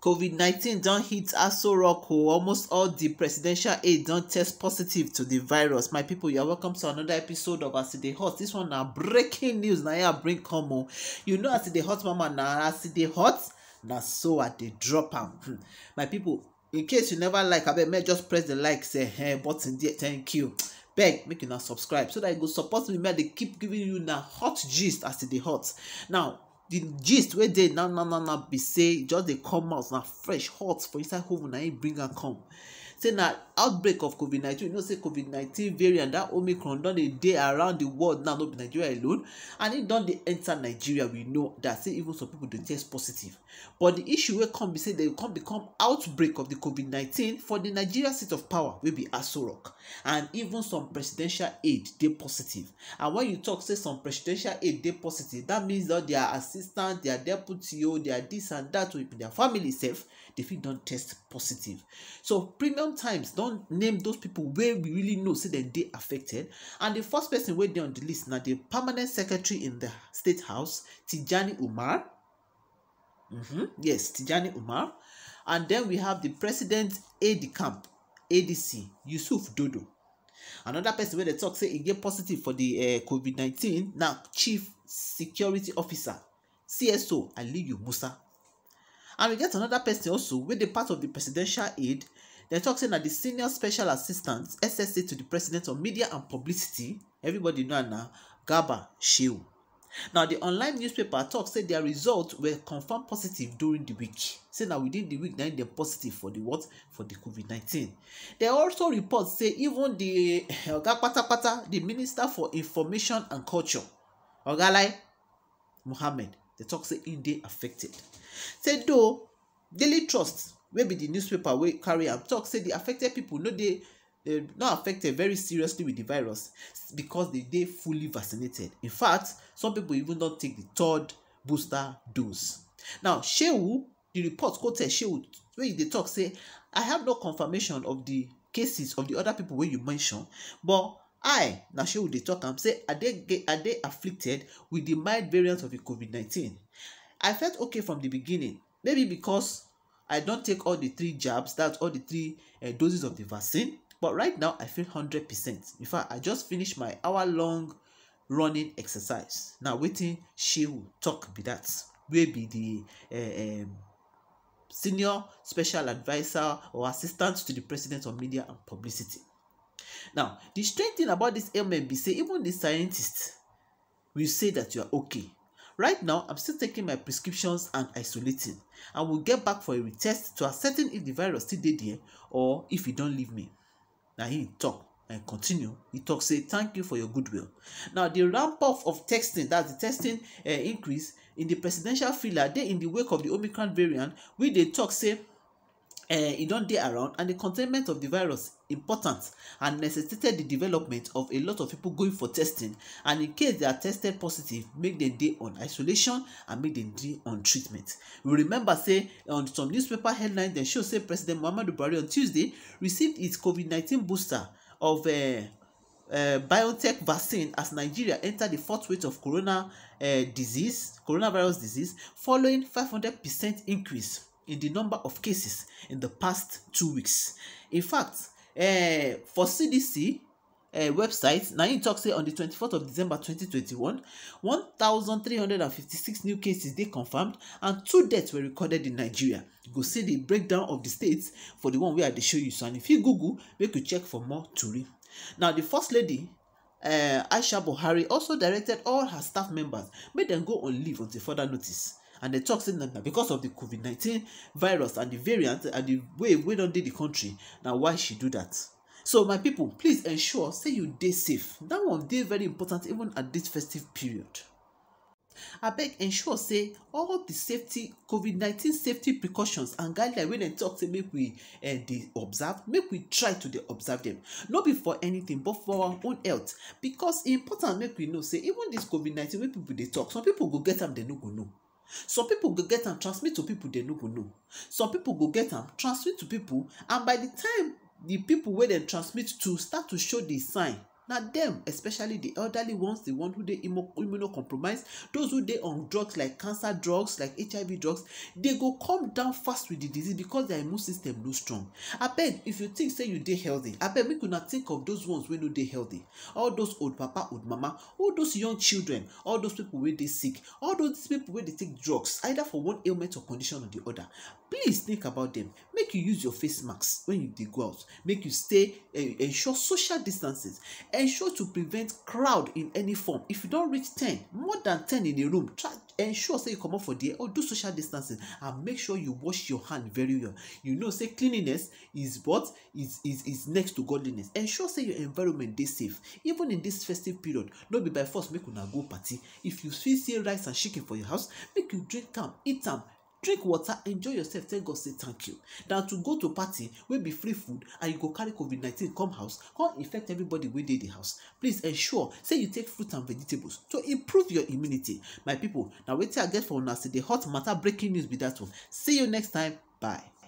covid-19 don hit aso rock o almost all di presidential aides don test positive to di virus my pipo you are welcome to anoda episode of as e dey hot dis one na breaking news na ya bring come o you know as e dey hot mama na as e dey hot na so i dey drop am hmm. my pipo in case you never like abeg make just press the like say hey, eh, button there thank you beg make una subscribe so that you go support me May i dey keep giving you na hot gist as e dey hot now the gist wey dey now now now now be say just dey come out na fresh hot for inside oven na im bring am come say na outbreak of covid nineteen. you know say covid nineteen variant that omicron don dey dey around the world now no be nigeria alone and e don dey enter nigeria we know that say even some people dey test positive but the issue wey come be say dem come become outbreak of the covid nineteen for the nigeria seat of power wey be aso rock and even some presidential aid dey positive and when you talk say some presidential aid dey positive that means that their assistant their deputy o oh, their this and that o oh, even their family sef they fit don test positive so premium times don name those people wey we really know say dem dey affected and the first person wey dey on the list na the permanent secretary in the state house tijani umar mm -hmm. yes tijani umar and then we have the president ad camp adc yusuf dodo another person wey dey talk say e get positive for the uh, covid nineteen. na chief security officer cso aliyu musa and we get another person also wey dey part of the presidential aid dem tok say na di senior special assistant ssa to the president on media and publicity everybody know na garba shehu now the online newspaper talk say their results were confirmed positive during the week say na within the week na im dem positive for the what for the covid-19 dem also report say even the eh, oga patapata di minister for information and culture ogalai muhammad they talk say e dey affected say though daily trust wey be di newspaper wey carry am talk say di affected pipo no dey no affected very seriously with di virus because dey dey fully vaccinated in fact some pipo even don take di third booster dose now shehu di report quoted shehu wey dey talk say i have no confirmation of di cases of di oda pipo wey you mention but i na she dey talk am say i dey afflicted with di mild variant of di covid-19 i felt okay from di beginning maybe because i don take all di three jabs that's all di three eh, doses of di vaccine but right now i feel hundred percent in fact i just finish my hour long running exercise na wetin shehu talk. be that wey be di eh, senior special adviser or assistant to di president on media and publicity Now, the strange thing about this ailment be say even the scientists will say that you are okay. Right now, I'm still taking my prescriptions and isolating. I will get back for a retest to ascertain if the virus still dey there or if e don leave me. Na him talk and continue. He talk say thank you for your goodwill. Now the ramp up of testing, that's the testing uh, increase in the presidential filler dey in the wake of the Omicron variant wey dey talk say e eh, don dey around and the containment of the virus important and necessitated the development of a lot of people going for testing and in case they are tested positive make dem dey on isolation and make dem dey on treatment we remember say on some newspaper headlines dem show say president muhammadu buhari on tuesday received his covid nineteen booster of eh, eh, biotech vaccine as nigeria enta the fourth wave of corona disease coronavirus disease following five hundred percent increase in the number of cases in the past two weeks. In fact, uh, for CDC uh, eh, website, na im talk say on the twenty fourth of December twenty twenty one, one thousand three hundred and fifty six new cases dey confirmed and two deaths were recorded in Nigeria. You go see the breakdown of the states for the one wey I dey show you so and if you Google, make you check for more tori. Now, the First Lady uh, Aisha Buhari also directed all her staff members make dem go on leave until further notice and dem talk say na because of di covid nineteen virus and di variant and di way wey don dey di country na why she do dat so my pipo please ensure say you dey safe dat one dey very important even at dis festive period abeg ensure say all di safety covid nineteen safety precautions and guidelines wey dem tok say make we eh, dey observe make we try to dey observe dem no be for anything but for our own health because e important make we know say even dis covid nineteen wey pipo dey talk, some pipo go get am dem no go know some people go get am transmit to people dem no go know some people go get am transmit to people and by the time the people wey dem transmit to start to show the sign na dem especially di elderly ones di ones who dey immunocompromised those who dey on drugs like cancer drugs like hiv drugs dey go come down fast with di disease because their immune system no strong abeg if you think say you dey healthy abeg make una think of those ones wey no dey healthy all those old papa old mama all those young children all those people wey dey sick all those people wey dey take drugs either for one ailment or condition or the other please think about them make you use your face mask when you dey go out make you stay uh, ensure social distances ensure to prevent crowd in any form if you don reach ten more than ten in a room try ensure say you comot for there or do social distancing and make sure you wash your hand very well you know say cleanliness is what is is is next to godliness ensure say your environment dey safe even in this festive period no be by force make una go party if you feel say rice and chicken for your house make you drink am eat am drink water enjoy yourself Thank god say thank you than to go to party wey be free food and you go carry covid nineteen come house come infect everybody wey dey the house please ensure say you take fruit and vegetables to improve your immunity my people na wetin i get for una today hot matter breaking news be that one see you next time bye.